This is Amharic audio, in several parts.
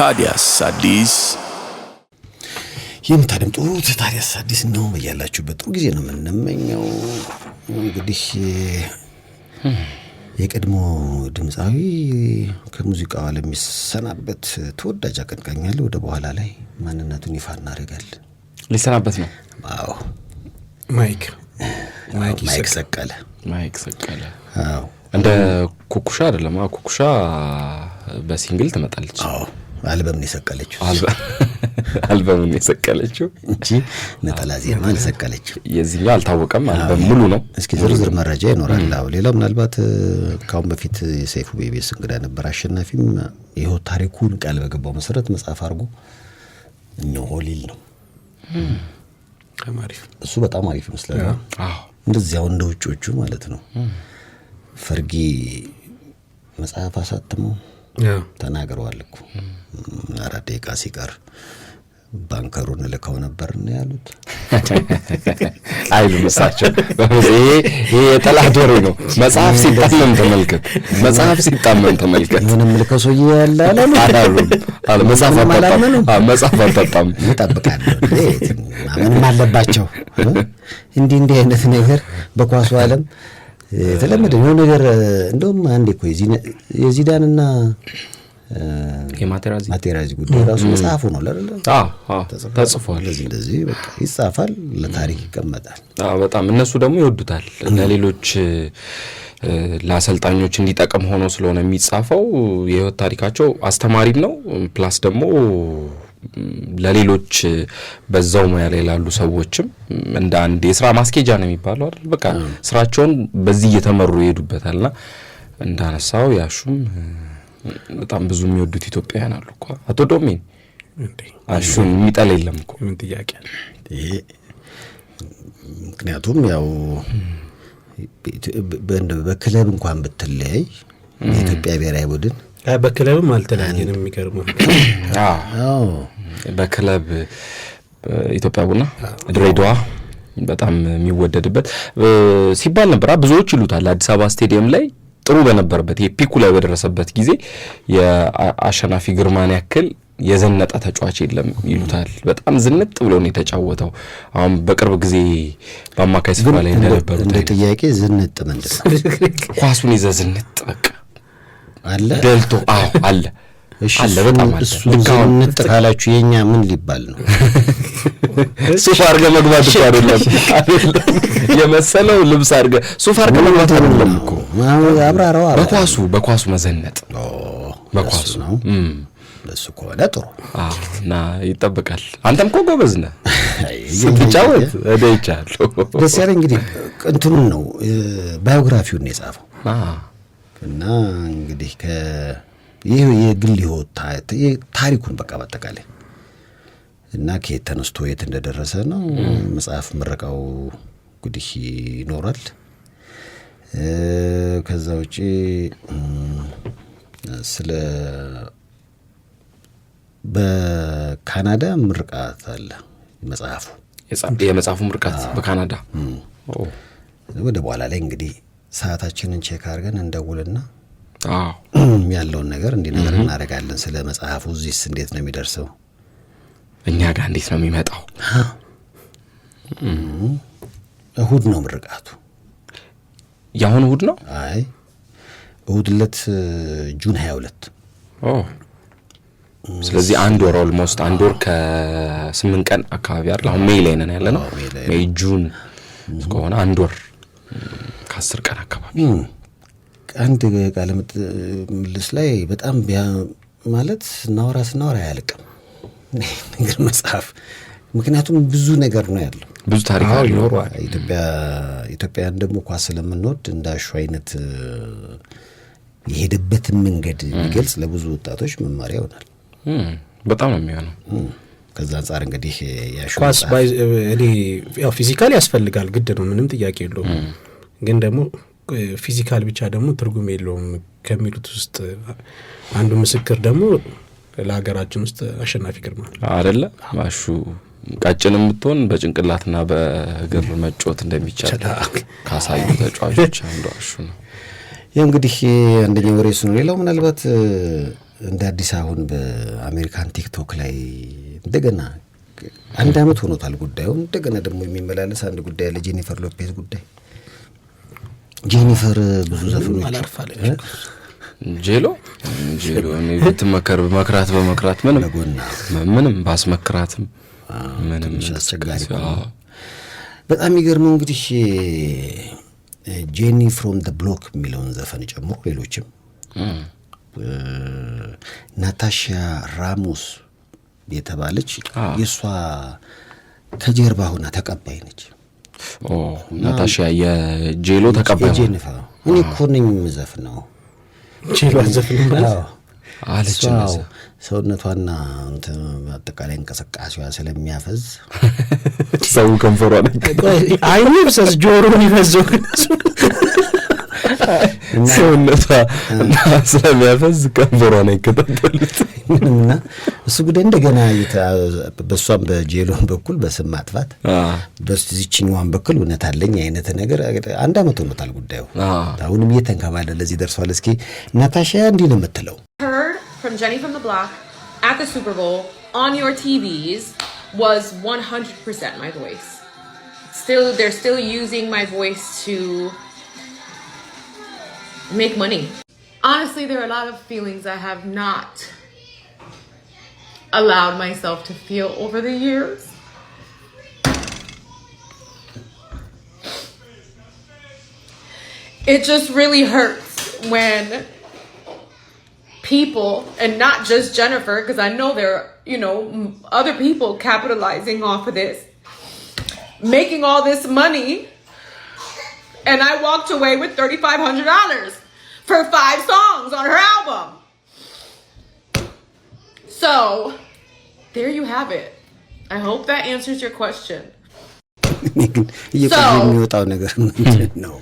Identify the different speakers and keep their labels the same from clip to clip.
Speaker 1: ታዲያስ አዲስ የምታደምጡት ታዲያስ አዲስ ነው። በያላችሁበት ጥሩ ጊዜ ነው የምንመኘው። እንግዲህ የቀድሞ ድምፃዊ ከሙዚቃው ዓለም የሚሰናበት ተወዳጅ አቀንቃኝ አለ። ወደ በኋላ ላይ ማንነቱን ይፋ እናደርጋለን። ሊሰናበት ነው። አዎ ማይክ ማይክ ሰቀለ
Speaker 2: ማይክ ሰቀለ። አዎ እንደ ኩኩሻ አይደለም። ኩኩሻ በሲንግል ትመጣለች።
Speaker 1: አዎ አልበምን የሰቀለችው
Speaker 2: አልበምን የሰቀለችው
Speaker 1: እንጂ ነጠላ ዜማ አልሰቀለችው።
Speaker 2: የዚህኛው አልታወቀም። አልበም ሙሉ ነው።
Speaker 1: እስኪ ዝርዝር መረጃ ይኖራል። ሌላ ምናልባት ካሁን በፊት የሰይፉ ቤቤስ እንግዳ ነበር። አሸናፊም የህይወት ታሪኩን ቃል በገባው መሰረት መጽሐፍ አድርጎ እኛው ሆሊል ነው እሱ በጣም አሪፍ ይመስላል። እንደዚያው እንደ ውጮቹ ማለት ነው ፈርጌ መጽሐፍ አሳትመው ተናግረዋል እኮ አራት ደቂቃ ሲቀር ባንከሩን ልከው ነበር ነው ያሉት።
Speaker 2: አይሉ እሳቸው። ይሄ የጠላት ወሬ ነው። መጽሐፍ ሲጣመም ተመልከት፣ መጽሐፍ ሲጣመም ተመልከት።
Speaker 1: ምንም ልከው ሰውዬ ያለ
Speaker 2: መጽሐፍ አታጣም።
Speaker 1: እጠብቃለሁ። ምንም አለባቸው እንዲህ እንዲህ አይነት ነገር በኳሱ ዓለም የተለመደ የሆነ ነገር እንደውም አንዴ እኮ የዚዳንና ማቴራዚ ጉዳይ ራሱ መጽሐፉ ነው ተጽፏል። እንደዚህ በቃ ይጻፋል፣ ለታሪክ ይቀመጣል።
Speaker 2: በጣም እነሱ ደግሞ ይወዱታል። ለሌሎች ለአሰልጣኞች እንዲጠቅም ሆኖ ስለሆነ የሚጻፈው የህይወት ታሪካቸው አስተማሪም ነው ፕላስ ደግሞ ለሌሎች በዛው ሙያ ላይ ላሉ ሰዎችም እንደ አንድ የስራ ማስኬጃ ነው የሚባለው አይደል? በቃ ስራቸውን በዚህ እየተመሩ ይሄዱበታልና እንዳነሳው ያሹም በጣም ብዙ የሚወዱት ኢትዮጵያውያን አሉ እኮ አቶ ዶሜን አሹን የሚጠላ የለም እኮ
Speaker 3: ምን ጥያቄ አለ
Speaker 1: ይሄ ምክንያቱም ያው በክለብ እንኳን ብትለያይ የኢትዮጵያ ብሔራዊ ቡድን
Speaker 3: በክለብም አልተለየንም። የሚገርሙ
Speaker 2: በክለብ ኢትዮጵያ ቡና ድሬዳዋ በጣም የሚወደድበት ሲባል ነበር። ብዙዎች ይሉታል አዲስ አበባ ስቴዲየም ላይ ጥሩ በነበረበት የፒኩ ላይ በደረሰበት ጊዜ የአሸናፊ ግርማን ያክል የዘነጠ ተጫዋች የለም ይሉታል። በጣም ዝንጥ ብሎ ነው የተጫወተው። አሁን በቅርብ ጊዜ በአማካይ ስፍራ ላይ እንደነበሩ እንደ
Speaker 1: ጥያቄ ዝንጥ ምንድን ነው?
Speaker 2: ኳሱን ይዘ ዝንጥ በቃ አለ ደልቶ አዎ አለ
Speaker 1: አለ በጣም እንጠቃላችሁ የእኛ ምን ሊባል ነው?
Speaker 2: ሱፍ አርገ መግባት እኮ አይደለም የመሰለው ልብስ አርገ ሱፍ አርገ መግባት አይደለም እኮ አብራራው። በኳሱ በኳሱ መዘነጥ በኳሱ ነው።
Speaker 1: እሱ ከሆነ ጥሩ
Speaker 2: እና ይጠብቃል። አንተም እኮ ጎበዝ ነህ ስትጫወት እደ ይቻለሁ
Speaker 1: ደስ ያለ እንግዲህ እንትኑን ነው ባዮግራፊውን የጻፈው እና እንግዲህ ይህ የግል ህይወት ታሪኩን በቃ በአጠቃላይ እና ከየት ተነስቶ የት እንደደረሰ ነው። መጽሐፍ ምረቃው እንግዲህ ይኖራል። ከዛ ውጪ ስለ በካናዳ ምርቃት አለ መጽሐፉ
Speaker 2: የመጽሐፉ ምርቃት በካናዳ
Speaker 1: ወደ በኋላ ላይ እንግዲህ ሰዓታችንን ቼክ አድርገን እንደውልና ያለውን ነገር እንዲነገር እናደርጋለን። ስለ መጽሐፉ እዚህስ እንዴት ነው የሚደርሰው?
Speaker 2: እኛ ጋር እንዴት ነው የሚመጣው?
Speaker 1: እሁድ ነው ምርቃቱ። የአሁን እሁድ ነው። አይ እሁድ ዕለት ጁን 22
Speaker 2: ስለዚህ አንድ ወር ኦልሞስት አንድ ወር ከስምንት ቀን አካባቢ አይደል? አሁን ሜይ ላይ ነን ያለ ነው። ሜይ ጁን እስከሆነ አንድ ወር አስር ቀን አካባቢ
Speaker 1: አንድ ቃለ ምልልስ ላይ በጣም ቢያ ማለት ስናወራ ስናወራ አያልቅም ነገር መጽሐፍ ምክንያቱም ብዙ ነገር ነው ያለው፣
Speaker 2: ብዙ ታሪክ ይኖረዋል።
Speaker 1: ኢትዮጵያን ደግሞ ኳስ ስለምንወድ እንደ አሹ አይነት የሄደበትን መንገድ ሊገልጽ ለብዙ ወጣቶች መማሪያ ይሆናል።
Speaker 2: በጣም ነው የሚሆነው።
Speaker 1: ከዛ አንጻር እንግዲህ
Speaker 3: ኳስ ፊዚካል ያስፈልጋል፣ ግድ ነው፣ ምንም ጥያቄ የለውም። ግን ደግሞ ፊዚካል ብቻ ደግሞ ትርጉም የለውም ከሚሉት ውስጥ አንዱ ምስክር ደግሞ ለሀገራችን ውስጥ አሸናፊ ግርማ
Speaker 2: አደለ ባሹ ቀጭን የምትሆን በጭንቅላትና በእግር መጮት እንደሚቻል ካሳዩ ተጫዋቾች አንዱ አሹ ነው።
Speaker 1: ይህ እንግዲህ አንደኛው ወሬ ነው። ሌላው ምናልባት እንደ አዲስ አሁን በአሜሪካን ቲክቶክ ላይ እንደገና አንድ አመት ሆኖታል ጉዳዩ እንደገና ደግሞ የሚመላለስ አንድ ጉዳይ ለጄኒፈር ሎፔዝ ጉዳይ ጄኒፈር ብዙ ዘፈኖች
Speaker 3: አላርፋለች።
Speaker 2: ጄሎ ጄሎ ብትመከር መክራት በመክራት ምንም ምንም ባስመክራትም ምንም
Speaker 1: አስቸጋሪ በጣም የሚገርመው እንግዲህ ጄኒ ፍሮም ደ ብሎክ የሚለውን ዘፈን ጨምሮ ሌሎችም ናታሻ ራሞስ የተባለች የእሷ ከጀርባ ሆና ተቀባይ ነች።
Speaker 2: ናታሻ የጄሎ ተቀባይ
Speaker 1: እኔ እኮ ነኝ የምዘፍነው
Speaker 3: ጄሎ
Speaker 2: አለች።
Speaker 1: ሰውነቷና አጠቃላይ እንቅስቃሴዋ ስለሚያፈዝ
Speaker 2: ሰው ከንፈሯ
Speaker 3: አይ ይፍሰስ ጆሮን ይፈዘው
Speaker 2: ሰውነቷ እና ስለሚያፈዝ ቀንበሯ ነው ይከታተሉት እና
Speaker 1: እሱ ጉዳይ እንደገና በእሷም በጄሎን በኩል በስም ማጥፋት በዚችኛዋን በኩል እውነት አለኝ አይነት ነገር አንድ አመት ሆኖታል ጉዳዩ። አሁንም እየተንከባለ ለዚህ ደርሷል። እስኪ ናታሻ እንዲህ ነው የምትለው
Speaker 4: ስ make money. Honestly, there are a lot of feelings I have not allowed myself to feel over the years. It just really hurts when people and not just Jennifer because I know there are, you know, other people capitalizing off of this, making all this money and I walked away with $3,500 for five songs on her album. So there you have it. I hope that answers your question.
Speaker 1: you no.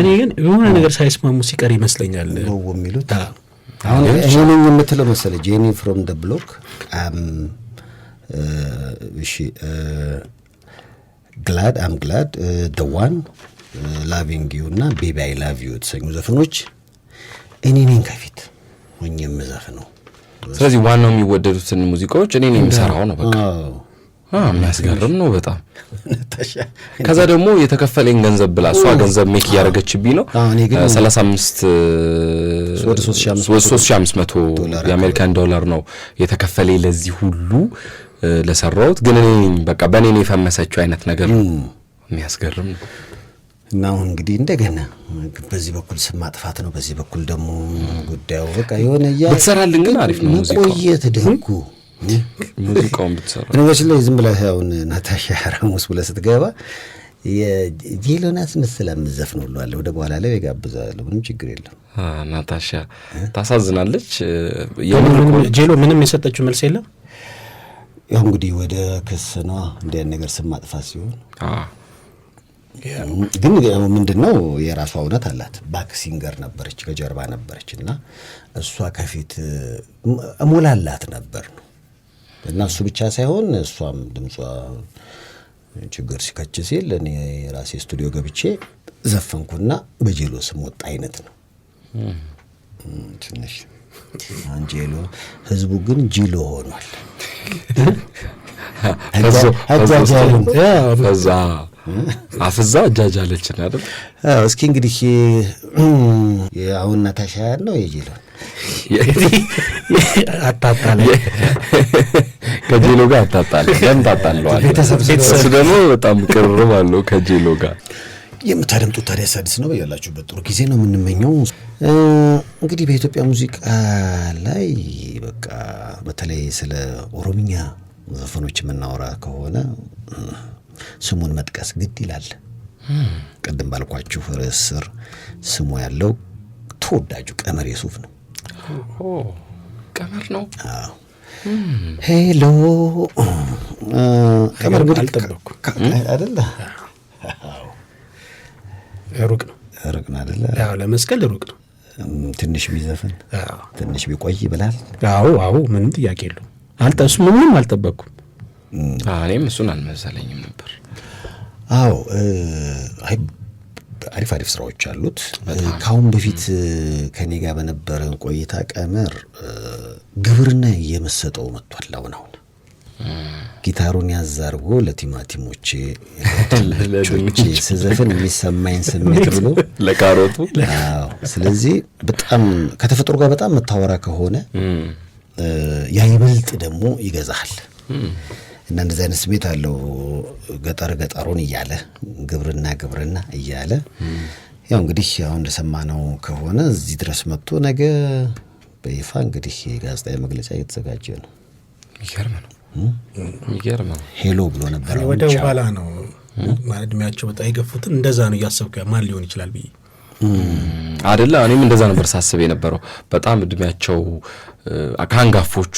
Speaker 3: እኔ ግን የሆነ ነገር ሳይስማሙ ሲቀር ይመስለኛል
Speaker 1: የሚሉት አሁን ይህንን የምትለው መሰለ ጄኒ ፍሮም ደ ብሎክ እሺ ግላድ አም ግላድ ደ ዋን ላቪንግ ዩ እና ቤቢ አይ ላቭ ዩ የተሰኙ ዘፈኖች እኔ ነኝ ከፊት ሆኜ የምዘፍ ነው።
Speaker 2: ስለዚህ ዋናው የሚወደዱትን ሙዚቃዎች እኔ ነኝ የምሰራው ነው። በቃ የሚያስገርም ነው በጣም። ከዛ ደግሞ የተከፈለኝ ገንዘብ ብላ እሷ ገንዘብ ሜክ እያደረገችብኝ ነው። ሰላሳ አምስት
Speaker 3: ሶስት ሺህ አምስት መቶ
Speaker 2: የአሜሪካን ዶላር ነው የተከፈለኝ ለዚህ ሁሉ ለሰራሁት ግን እኔ በቃ በእኔ ነው የፈመሰችው አይነት ነገር የሚያስገርም ነው።
Speaker 1: እና አሁን እንግዲህ እንደገና በዚህ በኩል ስም ማጥፋት ነው፣ በዚህ በኩል ደግሞ ጉዳዩ በቃ የሆነ
Speaker 2: ብትሰራልን ግን አሪፍ ነው። መቆየት ደጉ ሙዚቃውን ብትሰራ
Speaker 1: በነገራችን ላይ ዝም ብለህ አሁን ናታሻ ራሙስ ብለህ ስትገባ የጄሎናስ ምስል ምዘፍ ነው ብለዋለ። ወደ በኋላ ላይ የጋብዛለሁ፣ ምንም ችግር የለም።
Speaker 2: ናታሻ ታሳዝናለች።
Speaker 3: ጄሎ ምንም የሰጠችው መልስ የለም
Speaker 1: ያው እንግዲህ ወደ ክስ ነዋ እንዲህ ነገር ስም ማጥፋት ሲሆን ግን ምንድን ነው የራሷ እውነት አላት። ሲንገር ነበረች፣ ከጀርባ ነበረች እና እሷ ከፊት እሞላላት ነበር ነው እና እሱ ብቻ ሳይሆን እሷም ድምጿ ችግር ሲከች ሲል እኔ የራሴ ስቱዲዮ ገብቼ ዘፈንኩና በጄሎ ስም ወጣ አይነት ነው ትንሽ አንጄሎ ህዝቡ ግን ጅሎ ሆኗል።
Speaker 2: ከዛ አፍዛ እጃጃለችን አይደል?
Speaker 1: እስኪ እንግዲህ አሁን ናታሻ ያለው የጄሎን
Speaker 3: አታጣለ
Speaker 2: ከጄሎ ጋር አታጣለ ደም ታጣለዋል። እሱ ደግሞ በጣም ቅርብ አለው ከጄሎ ጋር።
Speaker 1: የምታደምጡት ታዲያ ሳድስ ነው። ያላችሁበት ጥሩ ጊዜ ነው የምንመኘው። እንግዲህ በኢትዮጵያ ሙዚቃ ላይ በቃ በተለይ ስለ ኦሮምኛ ዘፈኖች የምናወራ ከሆነ ስሙን መጥቀስ ግድ ይላል። ቅድም ባልኳችሁ ርዕስ ስር ስሙ ያለው ተወዳጁ ቀመር የሱፍ ነው። ቀመር ነው። ሄሎ
Speaker 3: ቀመር እንግዲህ
Speaker 2: ሩቅ ነው፣
Speaker 1: ሩቅ ነው አይደለ?
Speaker 3: ለመስቀል ሩቅ ነው
Speaker 1: ትንሽ ቢዘፍን ትንሽ ቢቆይ ብላል።
Speaker 3: አዎ አዎ፣ ምንም ጥያቄ የለውም። አልጠሱ ምንም አልጠበቅኩም። እኔም እሱን አልመሰለኝም ነበር።
Speaker 1: አዎ አሪፍ አሪፍ ስራዎች አሉት። ከአሁን በፊት ከኔ ጋር በነበረን ቆይታ ቀመር ግብርና እየመሰጠው መጥቷል። አሁን አሁን ጊታሩን ያዝ ለቲማቲሞቼ ለድንቾቼ ስዘፍን የሚሰማኝ ስሜት ብሎ
Speaker 2: ለካሮቱ።
Speaker 1: ስለዚህ በጣም ከተፈጥሮ ጋር በጣም መታወራ ከሆነ ያ ይበልጥ ደግሞ ይገዛሃል እና እንደዚህ አይነት ስሜት አለው። ገጠር ገጠሩን እያለ ግብርና ግብርና እያለ ያው እንግዲህ አሁን እንደሰማነው ከሆነ እዚህ ድረስ መጥቶ ነገ በይፋ እንግዲህ የጋዜጣዊ መግለጫ እየተዘጋጀ ነው።
Speaker 3: ይገርም ነው። ይገርማል። ሄሎ ብሎ ነበር። ወደ ኋላ ነው ማለት እድሜያቸው በጣም የገፉትን እንደዛ ነው እያሰብኩ ማን ሊሆን ይችላል ብዬ
Speaker 2: አደለ። እኔም እንደዛ ነበር ሳስብ የነበረው በጣም እድሜያቸው ከአንጋፎቹ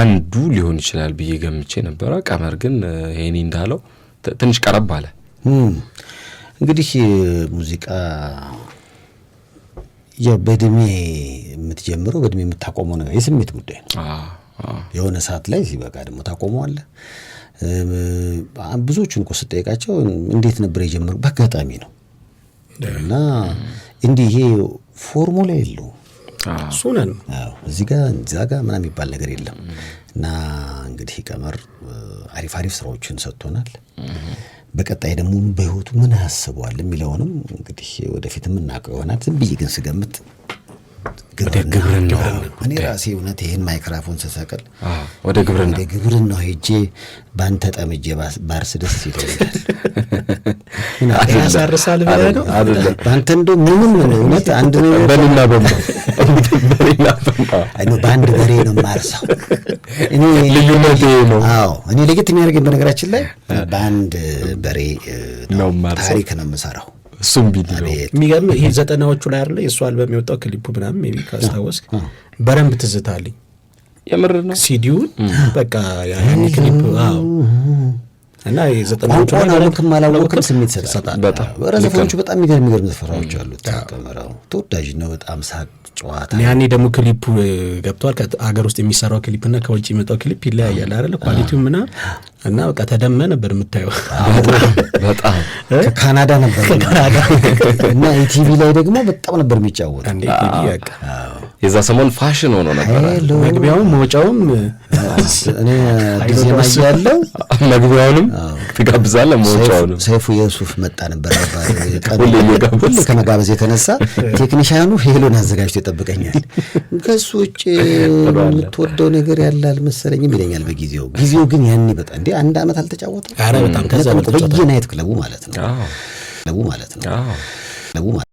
Speaker 2: አንዱ ሊሆን ይችላል ብዬ ገምቼ ነበረ። ቀመር ግን ሄኒ እንዳለው ትንሽ ቀረብ አለ።
Speaker 1: እንግዲህ ሙዚቃ ያው በእድሜ የምትጀምረው በእድሜ የምታቆመው ነው፣ የስሜት ጉዳይ ነው። የሆነ ሰዓት ላይ በቃ ደግሞ ታቆመዋለህ። ብዙዎቹን እኮ ስጠይቃቸው እንዴት ነበር የጀመሩ? በአጋጣሚ ነው እና እንዲህ ይሄ ፎርሙላ የለውም። ሱነን እዚህ ጋ እዛ ጋ ምናምን የሚባል ነገር የለም። እና እንግዲህ ቀመር አሪፍ አሪፍ ስራዎችን ሰጥቶናል። በቀጣይ ደግሞ በህይወቱ ምን ያስበዋል የሚለውንም እንግዲህ ወደፊት የምናውቀው ይሆናል። ዝም ብዬ ግን ስገምት
Speaker 2: ግብርና
Speaker 1: እኔ ራሴ እውነት ይህን ማይክራፎን ስሰቅል ወደ ግብርና ወደ ግብርና ሄጄ ጠምጄ ባርስ ደስ ይለኛል።
Speaker 3: ያሳርሳል ብለህ ነው
Speaker 1: በአንተ ምንም እውነት አንድ በአንድ በሬ ነው
Speaker 2: ልዩነት ነው። አዎ
Speaker 1: እኔ ለየት የሚያደርገኝ በነገራችን ላይ በአንድ በሬ ታሪክ ነው የምሰራው።
Speaker 2: እሱም ቪዲዮ
Speaker 3: የሚገርም ይህ ዘጠናዎቹ ላይ አለ የእሱ አልበም የወጣው ክሊፑ ምናምን ሜቢ ካስታወስክ በረንብ ትዝታልኝ የምር ነው ሲዲውን በቃ ያን ክሊፕ አዎ እና ዘጠናዎቹ
Speaker 1: አላወቅም ስሜት ሰጣል። በጣም የሚገርም ዘፈኖች አሉት። ተወዳጅ ነው በጣም ሳቅ ጨዋታ
Speaker 3: ያኔ ደግሞ ክሊፑ ገብቷል። ከአገር ውስጥ የሚሰራው ክሊፕ እና ከውጭ የመጣው ክሊፕ ይለያያል አይደለ? ኳሊቲው ምና እና በቃ ተደመ ነበር የምታየው።
Speaker 1: በጣም ከካናዳ ነበር እና ኢቲቪ ላይ ደግሞ በጣም ነበር የሚጫወት
Speaker 2: የዛ ሰሞን ፋሽን ሆኖ ነበረ።
Speaker 3: መግቢያውም መውጫውም
Speaker 1: እኔ አዲስ ዜማ እያለው
Speaker 2: መግቢያውንም ትጋብዛለ መውጫውንም
Speaker 1: ሰይፉ የሱፍ መጣ ነበር
Speaker 2: ሁሌ
Speaker 1: ከመጋበዝ የተነሳ ቴክኒሻኑ ሄሎን አዘጋጅቶ ይጠብቀኛል። ከሱ ውጭ የምትወደው ነገር ያለ አልመሰለኝም ይለኛል በጊዜው ጊዜው ግን ያኔ በጣም እንደ አንድ ዓመት
Speaker 2: አልተጫወተም
Speaker 1: በየናይት ክለቡ ማለት ነው ክለቡ ማለት ነው